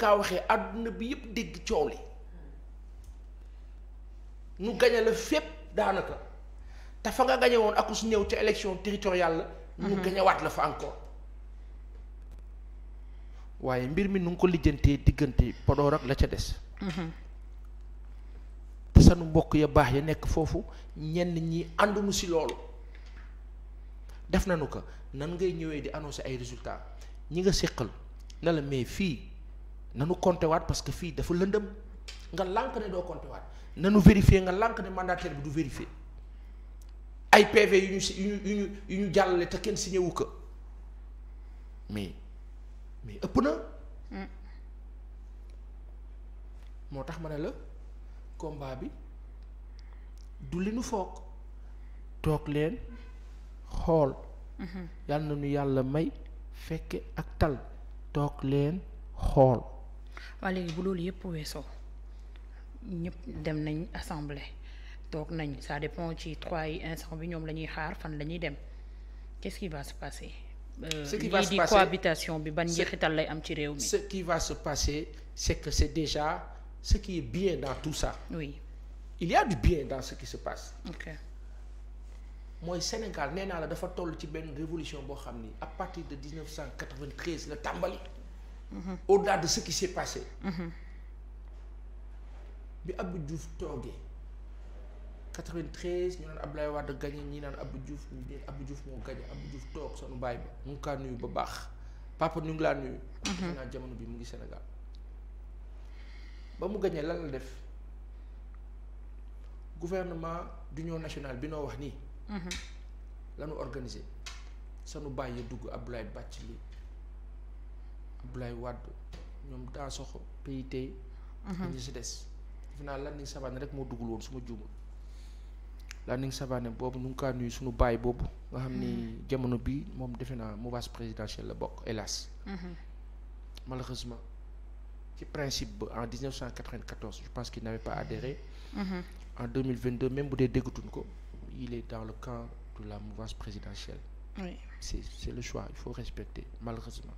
kaa waxee àdduna bi yëpp dégg coow li nu gañe la fépp daanaka te fa nga gañe woon ak su ñëw ca élection territoriale la. ñu mhm. gañewaat la fa encore. waaye mbir mi nu ngi ko lijjantee diggante Podor ak la ca des. Mhm. te sanu mbokk ya baax ya nekk foofu ñenn ñi àndunu si loolu. def nañu ko nan ngay ñëwee di annoncer ay résultats ñi nga séqal na la mais fii. nanu compté waat parce que fii dafa lëndam nga lànk ne doo compté waat nanu vérifier nga lànk ne mandataire bi du vérifier ay PV yu ñu yu ñu yu ñu jàllale te kenn si wu ko mais mais ëpp na. Hmm. moo tax ma ne la combat bi du li nu foog toog leen xool. Hmm. yàlla na ñu yàlla may fekke ak tal toog leen xool. waa léegi bu loolu yëpp weesoo ñëpp dem nañ assemblée toog nañ ça dépend ci trois yi instant bi ñoom la ñuy xaar fan la ñuy dem qu'est-ce qui va se passer. Euh, bi ban njeexital lay am ci réew mi. ce va se passer c'est que c'est déjà ce qui est bien dans tout ça. oui il y a du bien dans ce qui se passe. ok mooy Sénégal nee naa la dafa toll ci benn révolution boo xam ni à partir de 1993 la tàmbali. Mm-hmm. au-delà de ce qui s'est passé mm-hmm. bi Abdou Diouf toogee 93 ñu naan Abdoulaye Wade gagné ñi naan Abdou Diouf ñu deen moo gagné Abdou Diouf toog sanu bàyyi ba mu ngi kaa nuyu ba baax papa ñu ngi laa nuyu mm-hmm. naa jamono bi mu ngi Sénégal ba mu gagné lan la def gouvernement d'union nationale bi noo wax nii lanu organiser sanu bàyyi dugg Abdoulaye bàcc lii Abdoulaye Wade ñoom Dansokho PIT. Mhm. ak ñi si des. defe naa Landing Savané rek moo duggul woon su ma juumul Landing Savané boobu nu ngi kaa nuyu suñu baay boobu nga xam ni mhm. jamono bi moom defe naa mouvance présidentielle la bokk hélas. Mhm. malheureusement ci principe ba en 1994 je pense qu'il n'avait pas adhéré. en 2022 même bu dee déggatuñ ko il dans le camp de la mouvance présidentielle. c'est c'est le choix il faut respecter malheureusement.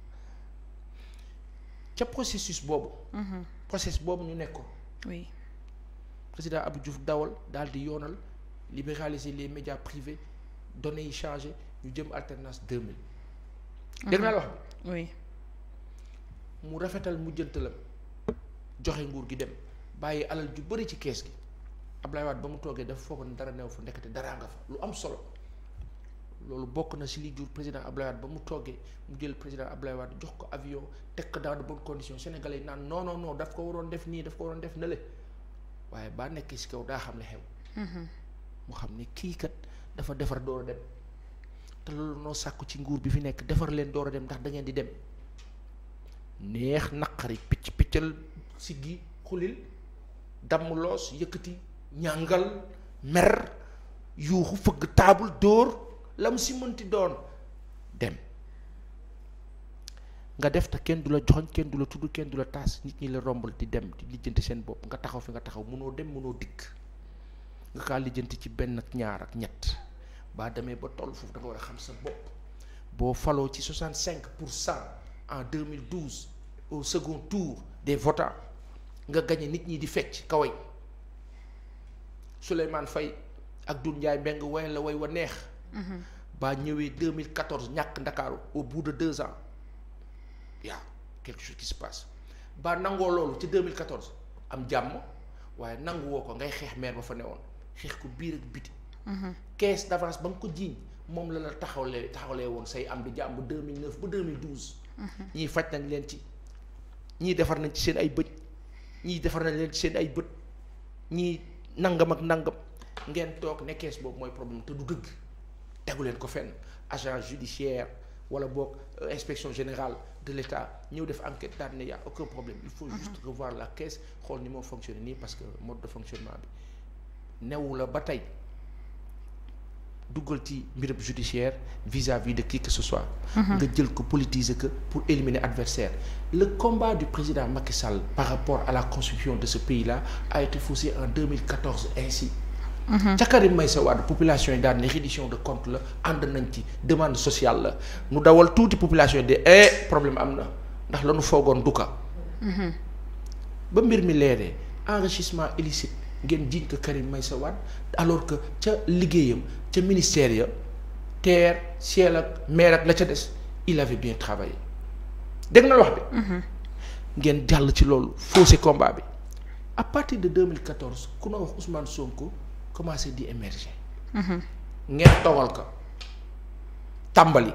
ca processus boobu. Mhm. process boobu ñu nekk ko. oui président Abdou Diouf dawal daal di yoonal libéraliser les médias privés donné yi changé ñu jëm alternance 2000. dégg mhm. naa la wax mu rafetal mujjantalam joxe nguur gi dem bàyyi alal ju bari ci kees gi Ablaye Wade ba mu toogee dafa foogoon dara new fu ndekete daraa nga fa lu am solo. loolu bokk na si li jur président Abdoulaye ba mu toggee mu jël président Abdoulaye jox ko avion teg ko dans de bonnes conditions sénégalais yi naan non non non daf ko waroon def nii daf ko waroon def nële waaye baa nekkee ci kaw daa xam ne xew. Mhm. mu xam ne kii kat dafa defar door a dem te loolu noo sàkku ci nguur bi fi nekk defar leen door a dem ndax da di dem neex naqari picc piccal siggi xulil damm loos yëkkati ñàngal mer yuuxu fëgg taabul dóor. la mu si mënti doon dem nga def te kenn du la joxoñ kenn du la tudd kenn du la taas nit ñi la rombal di dem di lijjanti seen bopp nga taxaw fi nga taxaw mënoo dem mënoo dikk nga kaa lijjanti ci benn ak ñaar ak ñett baa demee ba toll foofu da nga war a xam sa bopp boo faloo ci 65 pour cent en 2012 au second tour de votants nga gañe nit ñi di fecc kaway Souleymane Faye ak Doudou njaay Mbengue way la way wa neex ba ñëwee 2014 ñàkk Ndakaaru au bout de deux ans y a quelque chose qui se passe ba nangoo loolu ci 2014 am jàmm waaye nangu woo ko ngay xeex meer ba fa ne woon xeex ko biir ak biti. caisse d'avance ba nga ko jiiñ moom la la taxawlee taxawlee woon say am di jàmm 2009 ba 2012. ñii faj nañ leen ci ñii defar nañ ci seen ay bët ñii defar nañ leen ci seen ay bët ñii nangam ak nangam ngeen toog ne kees boobu mooy problème du dëgg. tegu leen ko fenn agent judiciaire wala book euh, inspection générale de l'État ñëw def enquête daal ne y a aucun problème il faut mhm. juste revoir la caisse xool ni moo fonctionne nii parce que mode de fonctionnement bi newu la ba tey duggal ci mbirab judiciaire vis-à-vis de qui que ce mhm. nga jël ko politiser que pour éliminer adversaire le combat du président Macky par rapport à la construction de ce pays là a été faussé en 2014 ainsi Mm-hmm. ca Karim Meïssa Wade population yi daan ne reddition de compte la ànd nañ ci demande sociale la nu dawal tuuti population yi de eh problème am na ndax la nu foogoon du ka mm-hmm. ba mbir mi leeree enrichissement illicite ngeen jiiñ ko Karim Meïssa Wade alors que ca liggéeyam ca ministère ya terre ciel ak mer ak la ca des il avait bien travaillé dégg na wax bi. Mm-hmm. ngeen jàll ci loolu faussé combat bi à partir de 2014 ku na wax Ousmane Sonko. commencé di émerger. Mm-hmm. ngeen toogal ko tàmbali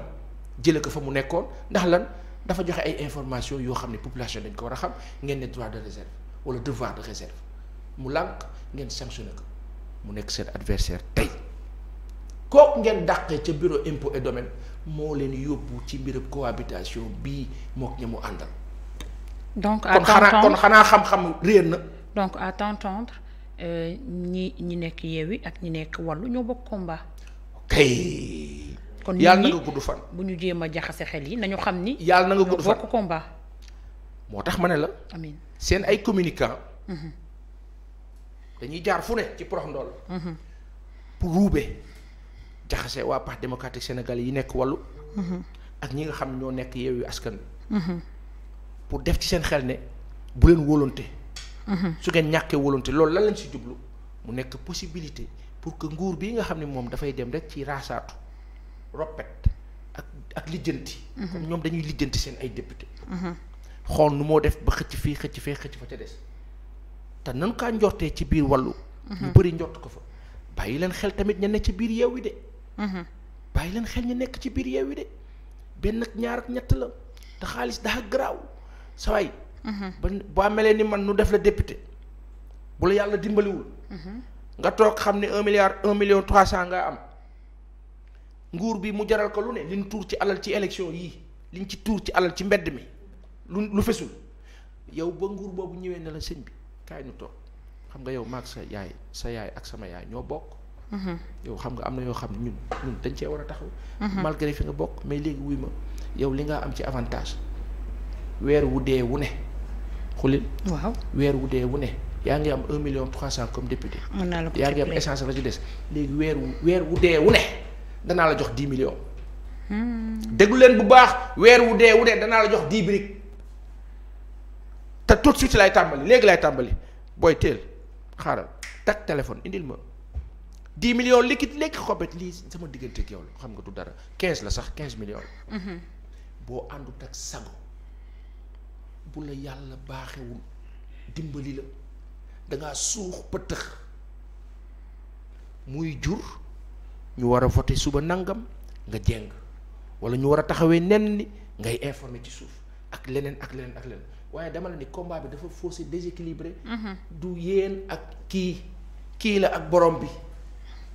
jëlee ko fa mu nekkoon ndax lan dafa joxe ay information yoo xam ne population dañ ko war a xam ngeen ne droit de réserve wala devoir de réserve mu lànk ngeen sanctionné ko mu nekk seen adversaire tey kook ngeen dàqee ca bureau impôt et domaine moo leen yóbbu ci mbirab cohabitation bi mook ña mu àndal. donc à kon Euh, ñi ñi nekk yeewi ak ñi nekk wallu ñoo bokk combat. ok. kon yàlla na jéem a jaxase xel yi nañu xam ni. yàlla na nga gudd moo tax ma ne la. amiin seen ay communicants. Mhm. dañuy jaar fu ci prox ndool mhm. pour ruube jaxase yi nekk wàllu. Mhm. ak ñi nga xam ñoo nekk yeewi askan wi. pour def ci seen xel ne bu leen su ngeen ñàkkee volonté loolu lan lañ si jublu mu nekk possibilité pour que nguur bi nga xam ne moom dafay dem rek ci raasaatu roppet ak ak lijjanti. Mhm. comme dañuy lijjanti seen ay député. Mhm. xool nu moo def ba xëcc fii xëcc fee xëcc fa ca des te nan kaa njortee ci biir wàllu. Mhm. ñu bëri njort ko fa bàyyi leen xel tamit ña ne ci biir yeew yi de. bàyyi leen xel ñu nekk ci biir yeew yi de benn ak ñaar ak ñett la te xaalis daa garaaw saa waay ba boo melee ni man nu def la député bu la yàlla dimbaliwul. nga toog xam ne un milliard un million trois cent nga am nguur bi mu jaral ko lu ne liñ tuur ci alal ci élection yii liñ ci tuur ci alal ci mbedd mi lu lu fesul yow ba nguur boobu ñëwee ne la sëñ bi kaay nu toog xam nga yow maag sa yaay sa yaay ak sama yaay ñoo bokk. yow xam nga am na yoo xam ne ñun ñun dañ cee war a taxaw. malgré fi nga bokk mais léegi wuy ma yow li nga am ci avantage weer wu ne. xulil waaw weer wu dee wu ne yaa ngi am un million trois cent comme député yaa ngi am essence la ci des léegi weer wu weer wu dee wu ne danaa la jox dix millions hmm. leen bu baax weer wu dee wu danaa jox dix briques te tout de suite lay tàmbali léegi lay tàmbali booy teel xaaral tak téléphone indil ma dix millions liquide léegi xobet lii sama diggante ak xam nga du dara quinze la sax quinze millions hmm. boo àndut ak sago bu la yàlla baaxewul dimbali la dangaa suux pëtëx muy jur ñu war a voté suba nangam nga jéng wala ñu war a taxawee nen ni ngay informé ci suuf ak leneen ak leneen ak leneen waaye dama la ni combat bi dafa faussé déséquilibré mm-hmm. du yéen ak kii kii la ak borom bi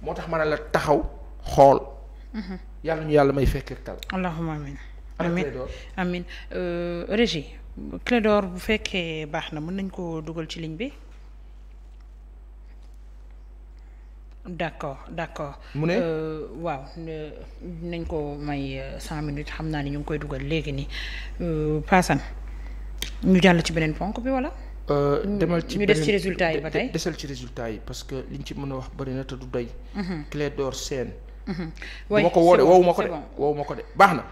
moo tax ma ne la taxaw xool mm-hmm. yàlla ñu yàlla may fekk tal allahumma amin amin amin euh, régie Clédor bu fekkee baax na mën nañ koo dugal ci ligne bi d'accord d'accord. mu ne euh, waaw nañ ko may euh, cent minutes xam naa ni ñu ngi koy dugal léegi nii euh, paasan ñu jàll ci beneen ponk bi wala. demal ci ñu des ci résultat yi ba tey desal ci résultat yi parce que liñ ci mën a wax bari na te du doy. Mhm. Clédor Sène. Mhm. waaye ma ko woo ko de woowu ko de baax na.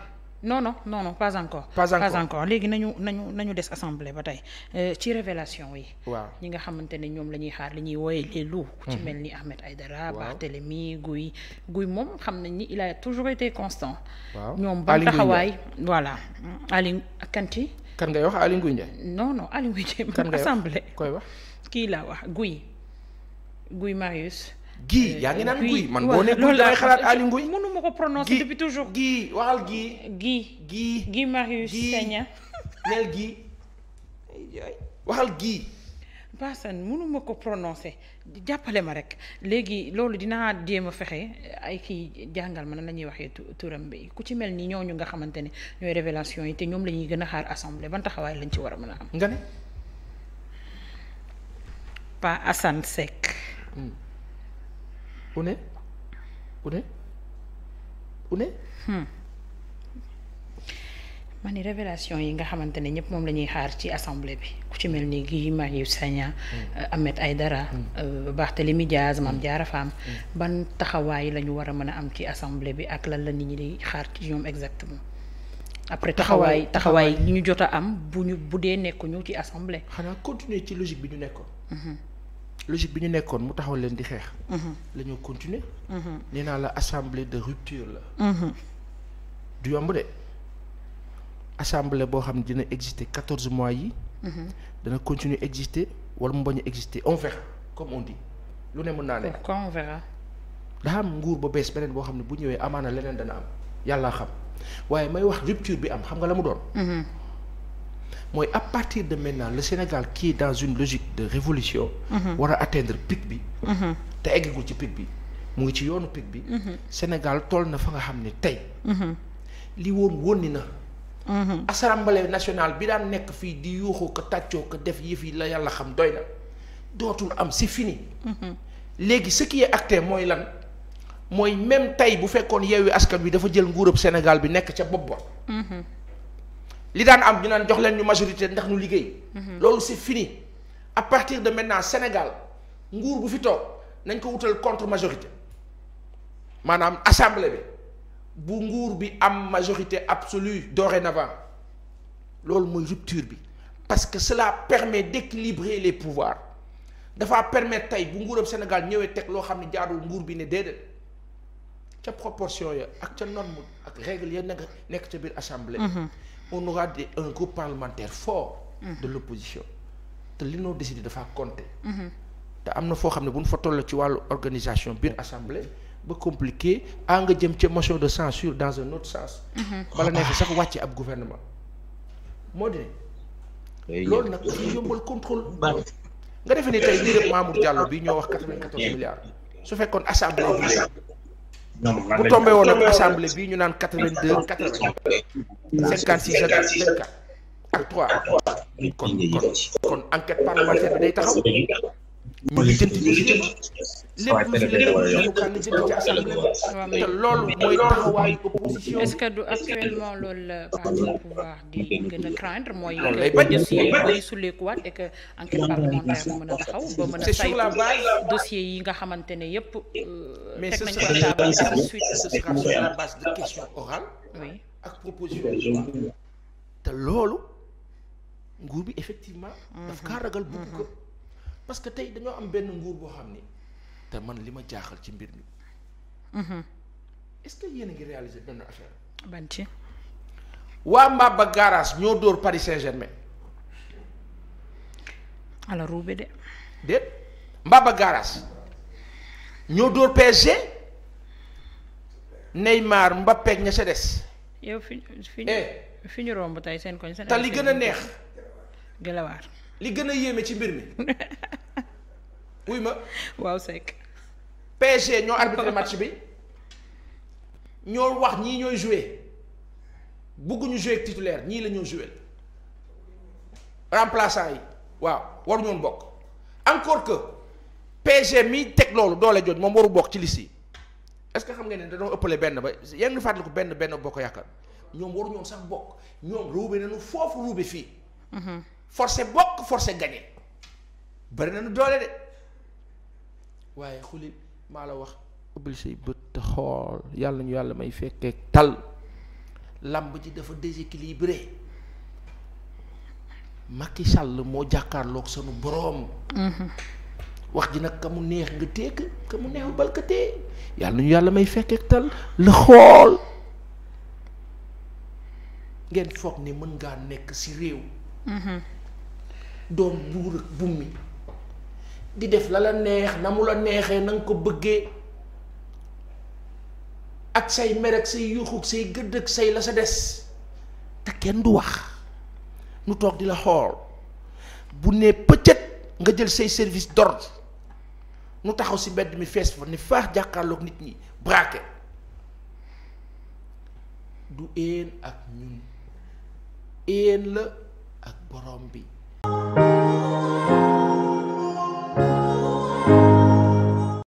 non non non pas encore. pas encore léegi nañu nañu nañu des assemblée ba tey euh, ci révélation yi. waaw ñi nga xamante ne ñoom la ñuy xaar li ñuy wooyee les loups. ku ci mhm. mel ni Ahmed Aïdara. waaw mi Guy Guy moom xam nañ ni il a toujours été constant. waaw ñoom ban taxawaay voilà Aliou Kanti. kan ngay wax Aliou Ngouye Ndiaye. non non Aliou Ngouye Ndiaye. kan ngay koy wax kii laa wax Guy Guy Marius. gii eh, yaa ngi naan guy man boo ne guy damay xalaat Aly Ngouille mënu ma ko prononcer depuis toujours gii waxal gii gii gii gii Marius waxal gii Bassane mënu ma ko prononcer jàppale ma rek léegi loolu dinaa jéem a fexe ay kii jàngal ma na la ñuy waxee turam bi ku ci mel ni ñooñu nga xamante ne ñooy révélation yi te ñoom la ñuy gën a xaar assemblée ban taxawaay lañ ci war a mën a am nga ne Pa une une une hmm. ma ni révélation yi nga xamante ne ñëpp moom la ñuy xaar ci assemblée bi ku ci mel ni Guy Marius Sagna baax hmm. euh, te hmm. euh, Barthélémy Diaz Mame jaara Fam ban taxawaay la ñu war a mën a am ci assemblée bi ak lan la nit ñi di xaar ci ñoom exactement après taxawaay taxawaay yi ñu jot a am bu ñu bu dee nekkuñu ci assemblée xanaa continuer ci logique bi ñu nekkoon logique bi ñu nekkoon mu taxaw leen di xeex. Mhm. la ñu continuer. Mhm. nee naa la assemblée de rupture la. Mhm. du de assemblée boo xam ne dina exister quatorze mois yi. dana continuer exister wala mu bañ exister on verra comme on dit lu ne mën naa ne. pourquoi am nguur ba bees beneen boo xam ne bu ñëwee amaana leneen dana am yàllaa xam waaye may wax rupture bi am xam nga la mu doon. mooy à partir de maintenant le Sénégal kii est dans une logique de révolution mhm. war a atteindre pic bi mhm. te eggagul ci pic bi mu ngi ci yoonu pic bi mhm. Sénégal toll na fa nga xam ne tey li woon wónni na assemblée nationale bi daan nekk fii di yuuxoo ko tàccoo ko def yëf yi la yàlla xam doy na dootul am si fini léegi ce qui est mooy lan mooy même tey bu fekkoon yeewi askan bi dafa jël nguurub Sénégal bi nekk ca bopp ba li daan am ñu naan jox leen ñu majorité ndax ñu liggéey. Mhm. loolu si fini à partir de maintenant Sénégal nguur bu fi toog nañ ko wutal contre majorité maanaam assemblée bi bu nguur bi am majorité absolue dorénavant loolu mooy rupture bi parce que cela permet d'équilibrer le pouvoirs dafa permettre tey bu nguuram Sénégal ñëwee teg loo xam ne jaarul nguur bi ne déedéet ca proportion ya ak ca norme ak règle ya nekk ca biir assemblée. Mhm. on aura des un groupe parlementaire fort. de mhm. l'opposition te li noo décidé dafa compter. Mhm. te am na foo xam ne bu ñu fa toll ci wàllu organisation biir assemblée ba compliqué à ah nga jëm ca motion de censure dans un autre sens. Mhm. bala nekk sax wàcce ab gouvernement moo di. loolu nag dafa yombal contrôle. nga defee ni tey lii rek Mamour bi ñoo wax quatre-vingt-quatorze milliards su fekkoon assemblée bi. bu tombé woon ak assemblée bi ñu naan quatre vingt deux quatre vingt cinquante six ak vingt quatre ak kon kon kon enquête parlementaire bi day taxaw mu loolu mooy taxawaayu opposition. est-ce que du actuellement loolu la di gën a craindre mooy. dossier mooy sulleekuwaat et que enquête parlementaire mu mën a taxaw ba mën a saytu dossier yi nga xamante ne yëpp. Euh, teg nañ ko table ensuite ce sera sur la base de questions orales. oui te loolu nguur bi effectivement. daf mhm. kaa ragal bëgg ko. Mhm. parce que tey dañoo am benn nguur boo xam ni te man li ma jaaxal ci mbir mi. Mhm. est-ce yéen a ngi ban ci. waa Mbaba garage ñoo dóor Paris Saint-Germain. ala ruube de. déet Mbaba garage ñoo dóor PSG Neymar Mbappé ak ña ca des. yow fi fi ñu eh. fi ñu romb tey seen koñ. seen te li gën a neex. gëlawaar. li gën a yéeme ci mbir mi. wuy ma. waaw Seck. PSG ñoo arbitré match bi ñoo wax ñii ñooy joué bëgguñu joué ak ñii lañoo ñoo joué remplaçant yi waaw waruñu bokk encore que PSG miy teg loolu doole jot moom waru bokk ci liste yi est que xam nga ne dañoo ëppale benn ba yaa ngi fàttaliku benn benn bokk yaakaar ñoom waru ñoom sax bokk ñoom ruube nañu foofu ruube fii. Mhm. forcé bokk forcé gagné bari nañu doole de. waaye xuli maa la wax ubbil say bët te xool yàlla ñu yàlla may fekkee tal làmb ji dafa déséquilibré Macky Sall moo jàkkaarloog sunu boroom mm-hmm. wax ji nag ka mu neex nga téeg ka mu neexu bal ka yàlla ñu yàlla may fekkee tal la xool ngeen foog ne mën ngaa nekk ci réew mm-hmm. doon buur ak bummi di def lala neex na mu la neexee na nga ko bëggee ak say mer ak say yuuxug say gëdd say la sa des te kenn du wax nu toog di la xool bu ne pëccët nga jël say service d'ordre nu taxaw si mbedd mi fees fa ni faax jàkkaarloog nit ñi braqué du éen ak ñun éen la ak borom bi